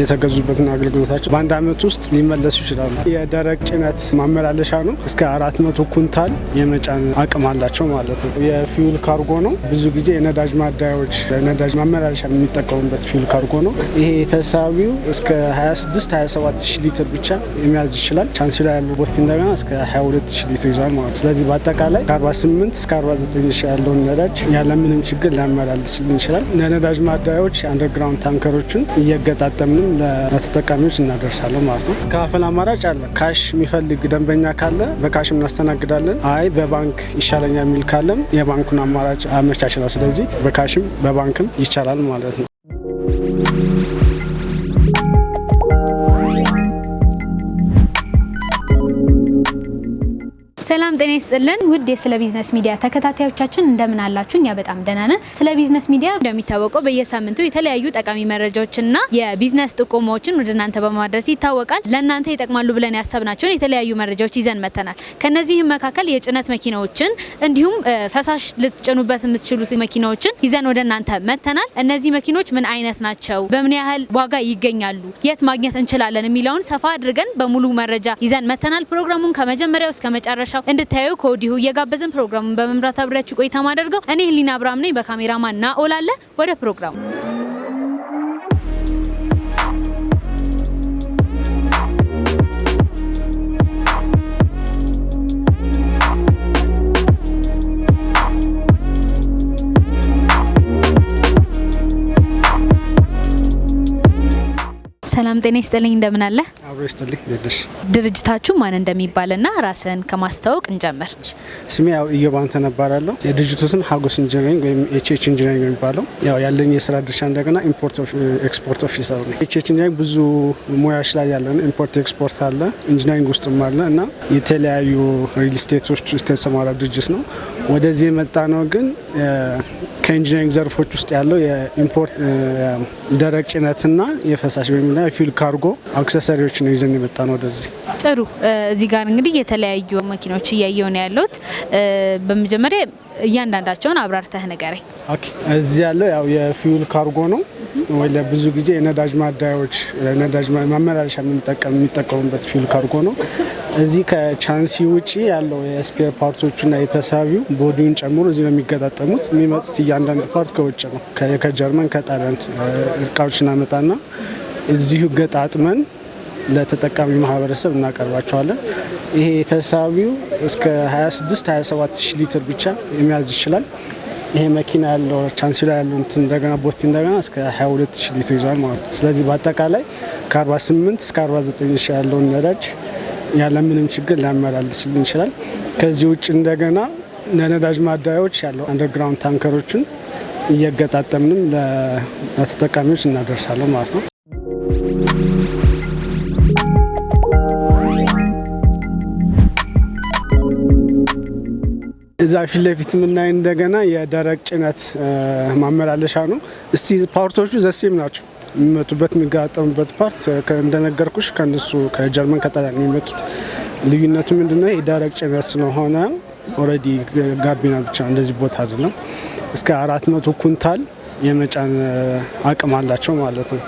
የተገዙበትን አገልግሎታቸው በአንድ ዓመት ውስጥ ሊመለሱ ይችላሉ። የደረቅ ጭነት ማመላለሻ ነው። እስከ አራት መቶ ኩንታል የመጫን አቅም አላቸው ማለት ነው። የፊውል ካርጎ ነው። ብዙ ጊዜ የነዳጅ ማደያዎች ነዳጅ ማመላለሻ የሚጠቀሙበት ፊውል ካርጎ ነው። ይሄ የተሳቢው እስከ 26 27 ሊትር ብቻ የሚያዝ ይችላል። ቻንስ ላይ ያለው ቦት እንደገና እስከ 22 ሺ ሊትር ይዛል ማለት ነው። ስለዚህ በአጠቃላይ ከ48 እስከ 49 ሺ ያለውን ነዳጅ ያለምንም ችግር ሊያመላልስልን ይችላል። ለነዳጅ ማደያዎች አንደርግራውንድ ታንከሮችን እየገጣጠምንም አድርገን ለተጠቃሚዎች እናደርሳለን ማለት ነው። ከፍል አማራጭ አለ። ካሽ የሚፈልግ ደንበኛ ካለ በካሽ እናስተናግዳለን። አይ በባንክ ይሻለኛል የሚል ካለም የባንኩን አማራጭ አመቻችላል። ስለዚህ በካሽም በባንክም ይቻላል ማለት ነው። ሰላም ጤና ይስጥልን ውድ የስለ ቢዝነስ ሚዲያ ተከታታዮቻችን እንደምን አላችሁ? እኛ በጣም ደህና ነን። ስለ ቢዝነስ ሚዲያ እንደሚታወቀው በየሳምንቱ የተለያዩ ጠቃሚ መረጃዎችና የቢዝነስ ጥቆማዎችን ወደ እናንተ በማድረስ ይታወቃል። ለእናንተ ይጠቅማሉ ብለን ያሰብናቸውን የተለያዩ መረጃዎች ይዘን መተናል። ከነዚህም መካከል የጭነት መኪናዎችን እንዲሁም ፈሳሽ ልትጭኑበት የምትችሉት መኪናዎችን ይዘን ወደ እናንተ መተናል። እነዚህ መኪኖች ምን አይነት ናቸው? በምን ያህል ዋጋ ይገኛሉ? የት ማግኘት እንችላለን? የሚለውን ሰፋ አድርገን በሙሉ መረጃ ይዘን መተናል። ፕሮግራሙን ከመጀመሪያው እስከ መጨረሻው እንድታዩ ከወዲሁ እየጋበዝን ፕሮግራሙን በመምራት አብሬያችሁ ቆይታ ማደርገው እኔ ህሊና አብርሃም ነኝ። በካሜራማን ናኦል አለ። ወደ ፕሮግራሙ ሰላም ጤና ይስጥልኝ። እንደምን አለ? አብሮ ይስጥልኝ። ደደሽ ድርጅታችሁ ማን እንደሚባልና ራስን ከማስተዋወቅ እንጀምር። ስሜ ያው ኢዮብ ተነባራለሁ። የድርጅቱ ስም ሀጎስ ኢንጂኒሪንግ ወይም ኤችኤች ኢንጂኒሪንግ የሚባለው ያው ያለኝ የስራ ድርሻ እንደገና ኢምፖርት ኤክስፖርት ኦፊሰር ነው። ኤችኤች ኢንጂኒሪንግ ብዙ ሙያዎች ላይ ያለ ኢምፖርት ኤክስፖርት አለ፣ ኢንጂኒሪንግ ውስጥም አለ እና የተለያዩ ሪል ስቴቶች የተሰማራ ድርጅት ነው። ወደዚህ የመጣ ነው። ግን ከኢንጂነሪንግ ዘርፎች ውስጥ ያለው የኢምፖርት ደረቅ ጭነትና የፈሳሽ ወይም የፊል ካርጎ አክሰሰሪዎች ነው ይዘን የመጣ ነው ወደዚህ። ጥሩ። እዚህ ጋር እንግዲህ የተለያዩ መኪኖች እያየው ነው ያለሁት። በመጀመሪያ እያንዳንዳቸውን አብራርተህ ንገረኝ። እዚህ ያለው ያው የፊውል ካርጎ ነው ወይ ለብዙ ጊዜ የነዳጅ ማደያዎች ነዳጅ ማመላለሻ የሚጠቀሙበት ፊውል ካርጎ ነው። እዚህ ከቻንሲ ውጪ ያለው የስፔር ፓርቶቹና የተሳቢው ቦዲውን ጨምሮ እዚህ ነው የሚገጣጠሙት። የሚመጡት እያንዳንዱ ፓርት ከውጭ ነው፣ ከጀርመን ከጣሊያን እርቃዎች እናመጣና እዚሁ ገጣጥመን ለተጠቃሚ ማህበረሰብ እናቀርባቸዋለን። ይሄ የተሳቢው እስከ 26 27 ሺህ ሊትር ብቻ የሚያዝ ይችላል። ይሄ መኪና ያለው ቻንሲ ላይ ያለው እንትን እንደገና ቦቲ እንደገና እስከ 22 ሺህ ሊትር ይዟል ማለት ነው። ስለዚህ በአጠቃላይ ከ48 እስከ 49 ሺህ ያለውን ነዳጅ ያለምንም ችግር ሊያመላልስልን ይችላል። ከዚህ ውጭ እንደገና ለነዳጅ ማደያዎች ያለው አንደርግራውንድ ታንከሮችን እየገጣጠምንም ለተጠቃሚዎች እናደርሳለን ማለት ነው። እዛ ፊት ለፊት የምናይ እንደገና የደረቅ ጭነት ማመላለሻ ነው። እስቲ ፓርቶቹ ዘሴም ናቸው። የሚመቱበት የሚጋጠሙበት ፓርት እንደነገርኩሽ ከነሱ ከጀርመን ከጣሊያን የሚመጡት ልዩነቱ ምንድነው? የደረቅ ጭነት ስለሆነ ኦልሬዲ ጋቢና ብቻ እንደዚህ ቦታ አይደለም። እስከ አራት መቶ ኩንታል የመጫን አቅም አላቸው ማለት ነው።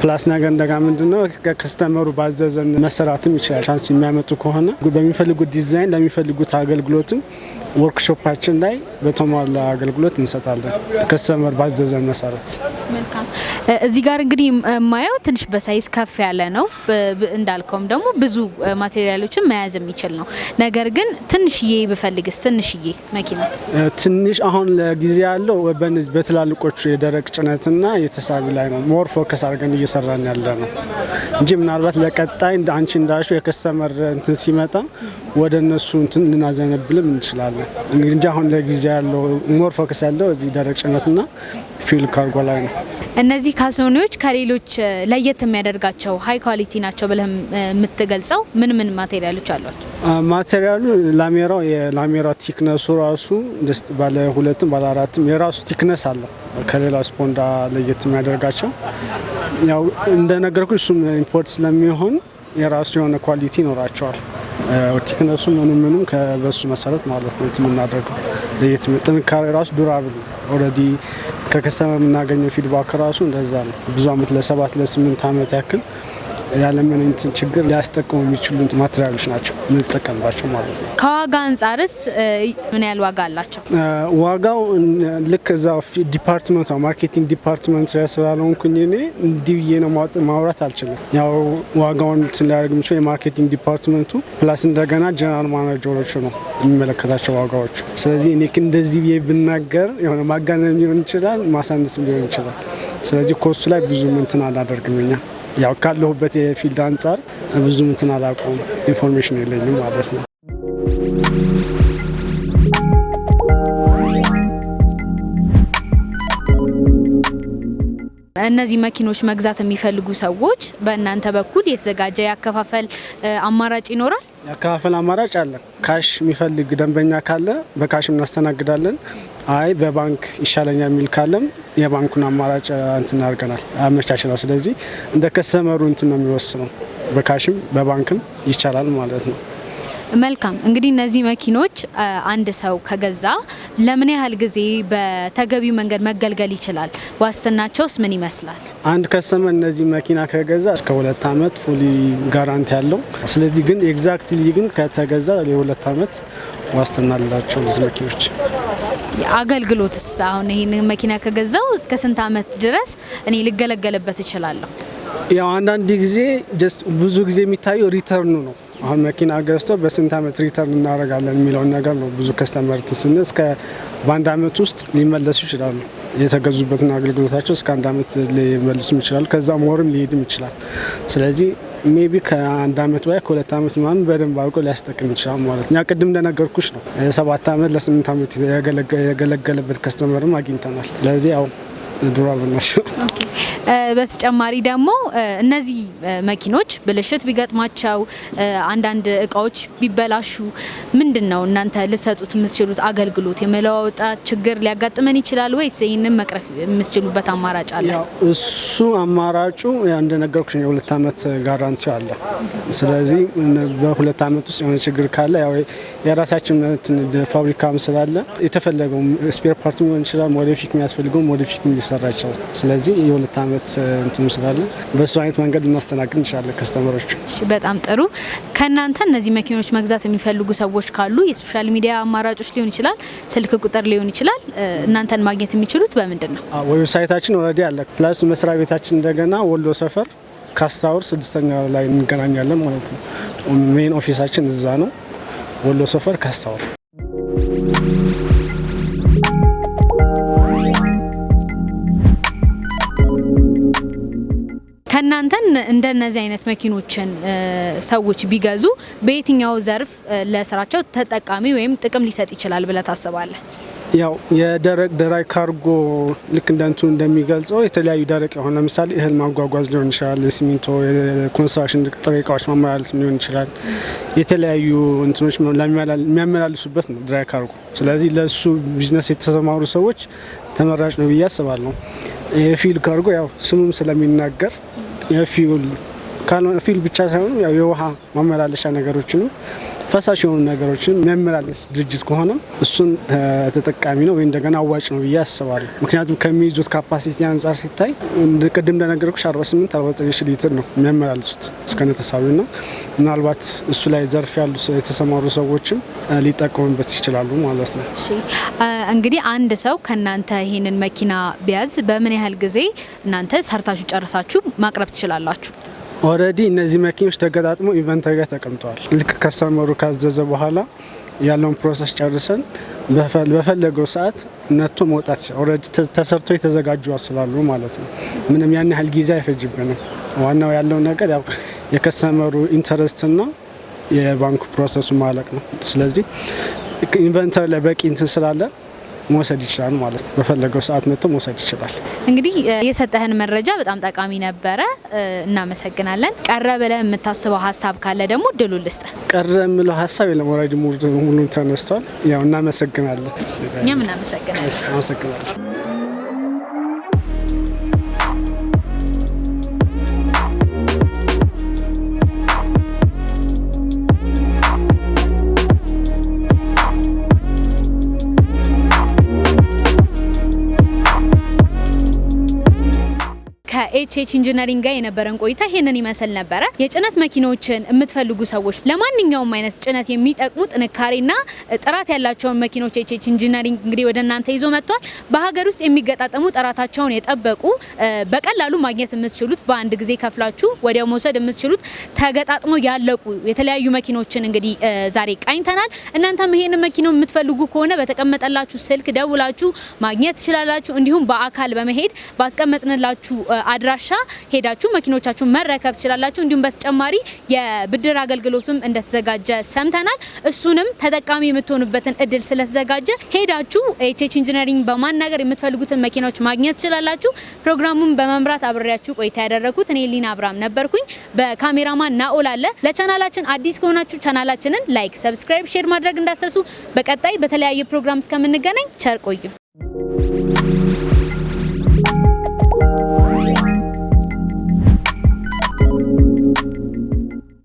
ፕላስ ነገር እንደጋ ምንድነው ከስተመሩ ባዘዘን መሰራትም ይችላል። ቻንስ የሚያመጡ ከሆነ በሚፈልጉት ዲዛይን ለሚፈልጉት አገልግሎትም ወርክሾፓችን ላይ በተሟላ አገልግሎት እንሰጣለን ከስተመር ባዘዘ መሰረት። መልካም። እዚህ ጋር እንግዲህ የማየው ትንሽ በሳይዝ ከፍ ያለ ነው። እንዳልከውም ደግሞ ብዙ ማቴሪያሎችን መያዝ የሚችል ነው። ነገር ግን ትንሽዬ ብፈልግስ? ትንሽዬ መኪና ትንሽ አሁን ለጊዜ ያለው በትላልቆቹ የደረቅ ጭነትና የተሳቢ ላይ ነው ሞር ፎከስ አድርገን እየሰራን ያለ ነው እንጂ ምናልባት ለቀጣይ አንቺ እንዳሹ የከስተመር እንትን ሲመጣ ወደ እነሱ እንትን ልናዘነብልም እንችላለን። እንጂ አሁን ለጊዜ ያለው ሞር ፎከስ ያለው እዚህ ደረቅ ጭነትና ፊል ካርጎ ላይ ነው። እነዚህ ካሶኒዎች ከሌሎች ለየት የሚያደርጋቸው ሀይ ኳሊቲ ናቸው ብለህ የምትገልጸው ምን ምን ማቴሪያሎች አሏቸው? ማቴሪያሉ ላሜራው የላሜራ ቲክነሱ ራሱ ባለ ሁለትም ባለ አራትም የራሱ ቲክነስ አለው። ከሌላ ስፖንዳ ለየት የሚያደርጋቸው ያው እንደነገርኩ እሱም ኢምፖርት ስለሚሆን የራሱ የሆነ ኳሊቲ ይኖራቸዋል። ቴክነሱ ምኑ ምኑም በሱ መሰረት ማለት ነው የምናደርገው ለየት ጥንካሬ ራሱ ዱራብል ኦልሬዲ ከከሰመ የምናገኘው ፊድባክ ራሱ እንደዛ ነው። ብዙ አመት ለሰባት ለስምንት አመት ያክል ያለምንም ችግር ሊያስጠቅሙ የሚችሉ ማቴሪያሎች ናቸው የምንጠቀምባቸው ማለት ነው። ከዋጋ አንጻርስ ምን ያህል ዋጋ አላቸው? ዋጋው ልክ እዛ ዲፓርትመንቱ ማርኬቲንግ ዲፓርትመንት ላይ ስላልሆንኩኝ እኔ እንዲህ ብዬ ነው ማውራት አልችልም። ያው ዋጋውን ሊያደርግ የሚችለው የማርኬቲንግ ዲፓርትመንቱ ፕላስ እንደገና ጀነራል ማናጀሮቹ ነው የሚመለከታቸው ዋጋዎቹ። ስለዚህ እኔ እንደዚህ ብዬ ብናገር የሆነ ማጋነን ሊሆን ይችላል፣ ማሳነስም ሊሆን ይችላል። ስለዚህ ኮስቱ ላይ ብዙ ምንትን አላደርግም እኛ ያው ካለሁበት የፊልድ አንጻር ብዙም እንትን አላውቀውም፣ ኢንፎርሜሽን የለኝም ማለት ነው። እነዚህ መኪኖች መግዛት የሚፈልጉ ሰዎች በእናንተ በኩል የተዘጋጀ የአከፋፈል አማራጭ ይኖራል? የአከፋፈል አማራጭ አለ። ካሽ የሚፈልግ ደንበኛ ካለ በካሽ እናስተናግዳለን። አይ በባንክ ይሻለኛል የሚል ካለም የባንኩን አማራጭ እንትን አድርገናል አመቻችናል። ስለዚህ እንደ ከሰመሩ እንትን ነው የሚወስነው። በካሽም በባንክም ይቻላል ማለት ነው። መልካም እንግዲህ እነዚህ መኪኖች አንድ ሰው ከገዛ ለምን ያህል ጊዜ በተገቢው መንገድ መገልገል ይችላል? ዋስትናቸውስ ምን ይመስላል? አንድ ከሰመ እነዚህ መኪና ከገዛ እስከ ሁለት አመት ፉሊ ጋራንቲ ያለው ስለዚህ ግን ኤግዛክትሊ ግን ከተገዛ የሁለት አመት ዋስትና አላቸው እነዚህ መኪኖች። አገልግሎትስ አሁን ይህን መኪና ከገዛው እስከ ስንት አመት ድረስ እኔ ልገለገልበት እችላለሁ? ያው አንዳንድ ጊዜ ብዙ ጊዜ የሚታየው ሪተርኑ ነው አሁን መኪና ገዝቶ በስንት አመት ሪተርን እናደርጋለን የሚለውን ነገር ነው። ብዙ ከስተመርት ስን እስከ በአንድ አመት ውስጥ ሊመለሱ ይችላሉ። የተገዙበትን አገልግሎታቸው እስከ አንድ ዓመት ሊመልሱም ይችላሉ። ከዛ ሞርም ሊሄድም ይችላል። ስለዚህ ሜቢ ከአንድ አመት በላይ ከሁለት ዓመት ምናምን በደንብ አውቆ ሊያስጠቅም ይችላል ማለት ነው። ቅድም እንደነገርኩሽ ነው ሰባት ዓመት ለስምንት ዓመት የገለገለበት ከስተመርም አግኝተናል። ስለዚህ ያው ድሮ አብናሽ በተጨማሪ ደግሞ እነዚህ መኪኖች ብልሽት ቢገጥማቸው አንዳንድ እቃዎች ቢበላሹ ምንድን ነው እናንተ ልትሰጡት የምትችሉት አገልግሎት? የመለዋወጣ ችግር ሊያጋጥመን ይችላል ወይስ ይህንን መቅረፍ የምትችሉበት አማራጭ አለ? እሱ አማራጩ እንደነገርኩሽ የሁለት ዓመት ጋራንቲ አለ። ስለዚህ በሁለት ዓመት ውስጥ የሆነ ችግር ካለ የራሳችን ፋብሪካም ስላለ የተፈለገው ስፔር ፓርት ሊሆን ይችላል ሞዲፊክ የሚያስፈልገው ሞዲፊክ ሊሰራ ይችላል። ስለዚህ የሁለት ዓመት አይነት እንትም ስላለ በእሱ አይነት መንገድ እናስተናግድ እንችላለን ከስተመሮች። በጣም ጥሩ። ከእናንተ እነዚህ መኪኖች መግዛት የሚፈልጉ ሰዎች ካሉ የሶሻል ሚዲያ አማራጮች ሊሆን ይችላል፣ ስልክ ቁጥር ሊሆን ይችላል፣ እናንተን ማግኘት የሚችሉት በምንድን ነው? ዌብሳይታችን ኦልሬዲ አለ። ፕላስ መስሪያ ቤታችን እንደገና ወሎ ሰፈር ካስታወር ስድስተኛ ላይ እንገናኛለን ማለት ነው። ሜን ኦፊሳችን እዛ ነው፣ ወሎ ሰፈር ካስታወር ከእናንተን እንደነዚህ አይነት መኪኖችን ሰዎች ቢገዙ በየትኛው ዘርፍ ለስራቸው ተጠቃሚ ወይም ጥቅም ሊሰጥ ይችላል ብለ ታስባለ? ያው የደረቅ ደራይ ካርጎ ልክ እንደንቱ እንደሚገልጸው የተለያዩ ደረቅ የሆነ ለምሳሌ እህል ማጓጓዝ ሊሆን ይችላል፣ ሲሚንቶ፣ የኮንስትራክሽን ጥሬ እቃዎች ማመላለስ ሊሆን ይችላል። የተለያዩ እንትኖች የሚያመላልሱበት ነው ድራይ ካርጎ። ስለዚህ ለእሱ ቢዝነስ የተሰማሩ ሰዎች ተመራጭ ነው ብዬ አስባለሁ። የፊል ካርጎ ያው ስሙም ስለሚናገር የፊውል ብቻ ሳይሆን የውሃ ማመላለሻ ነገሮችንም ፈሳሽ የሆኑ ነገሮችን የሚያመላልስ ድርጅት ከሆነ እሱን ተጠቃሚ ነው ወይ እንደገና አዋጭ ነው ብዬ አስባለሁ። ምክንያቱም ከሚይዙት ካፓሲቲ አንጻር ሲታይ ቅድም እንደነገርኩሽ 48 49 ሊትር ነው የሚያመላልሱት እስከነተሳቢ ና ምናልባት እሱ ላይ ዘርፍ ያሉ የተሰማሩ ሰዎችም ሊጠቀሙበት ይችላሉ ማለት ነው። እንግዲህ አንድ ሰው ከእናንተ ይህንን መኪና ቢያዝ በምን ያህል ጊዜ እናንተ ሰርታችሁ ጨርሳችሁ ማቅረብ ትችላላችሁ? ኦልሬዲ እነዚህ መኪኖች ተገጣጥመው ኢንቨንተሪ ጋር ተቀምጠዋል። ልክ ከስተመሩ ካዘዘ በኋላ ያለውን ፕሮሰስ ጨርሰን በፈለገው ሰዓት ነቶ መውጣት ኦልሬዲ ተሰርቶ የተዘጋጁ ስላሉ ማለት ነው። ምንም ያን ያህል ጊዜ አይፈጅብንም። ዋናው ያለው ነገር ያው የከስተመሩ ኢንተረስትና የባንክ ፕሮሰሱ ማለቅ ነው። ስለዚህ ኢንቨንተሪ ላይ በቂ እንትን ስላለን መውሰድ ይችላል ማለት ነው። በፈለገው ሰዓት መጥቶ መውሰድ ይችላል። እንግዲህ የሰጠህን መረጃ በጣም ጠቃሚ ነበረ፣ እናመሰግናለን። ቀረ ብለህ የምታስበው ሀሳብ ካለ ደግሞ ድሉ ልስጥ። ቀረ የምለው ሀሳብ የለም፣ ወራጅ ሙሉ ተነስቷል። ያው እናመሰግናለን። እኛም እናመሰግናለን። ከኤችኤች ኢንጂነሪንግ ጋር የነበረን ቆይታ ይሄንን ይመስል ነበረ። የጭነት መኪኖችን የምትፈልጉ ሰዎች ለማንኛውም አይነት ጭነት የሚጠቅሙ ጥንካሬና ጥራት ያላቸውን መኪኖች ኤችኤች ኢንጂነሪንግ እንግዲህ ወደ እናንተ ይዞ መጥቷል። በሀገር ውስጥ የሚገጣጠሙ ጥራታቸውን የጠበቁ በቀላሉ ማግኘት የምትችሉት በአንድ ጊዜ ከፍላችሁ ወዲያው መውሰድ የምትችሉት ተገጣጥሞ ያለቁ የተለያዩ መኪኖችን እንግዲህ ዛሬ ቃኝተናል። እናንተም ይሄንን መኪና የምትፈልጉ ከሆነ በተቀመጠላችሁ ስልክ ደውላችሁ ማግኘት ትችላላችሁ። እንዲሁም በአካል በመሄድ ባስቀመጥንላችሁ አድራሻ ሄዳችሁ መኪኖቻችሁን መረከብ ትችላላችሁ። እንዲሁም በተጨማሪ የብድር አገልግሎትም እንደተዘጋጀ ሰምተናል። እሱንም ተጠቃሚ የምትሆኑበትን እድል ስለተዘጋጀ ሄዳችሁ ኤችኤች ኢንጂነሪንግ በማናገር የምትፈልጉትን መኪናዎች ማግኘት ትችላላችሁ። ፕሮግራሙን በመምራት አብሬያችሁ ቆይታ ያደረኩት እኔ ሊና አብራም ነበርኩኝ። በካሜራማን ናኦል አለ። ለቻናላችን አዲስ ከሆናችሁ ቻናላችንን ላይክ፣ ሰብስክራይብ፣ ሼር ማድረግ እንዳትረሱ። በቀጣይ በተለያየ ፕሮግራም እስከምንገናኝ ቸር ቆዩ።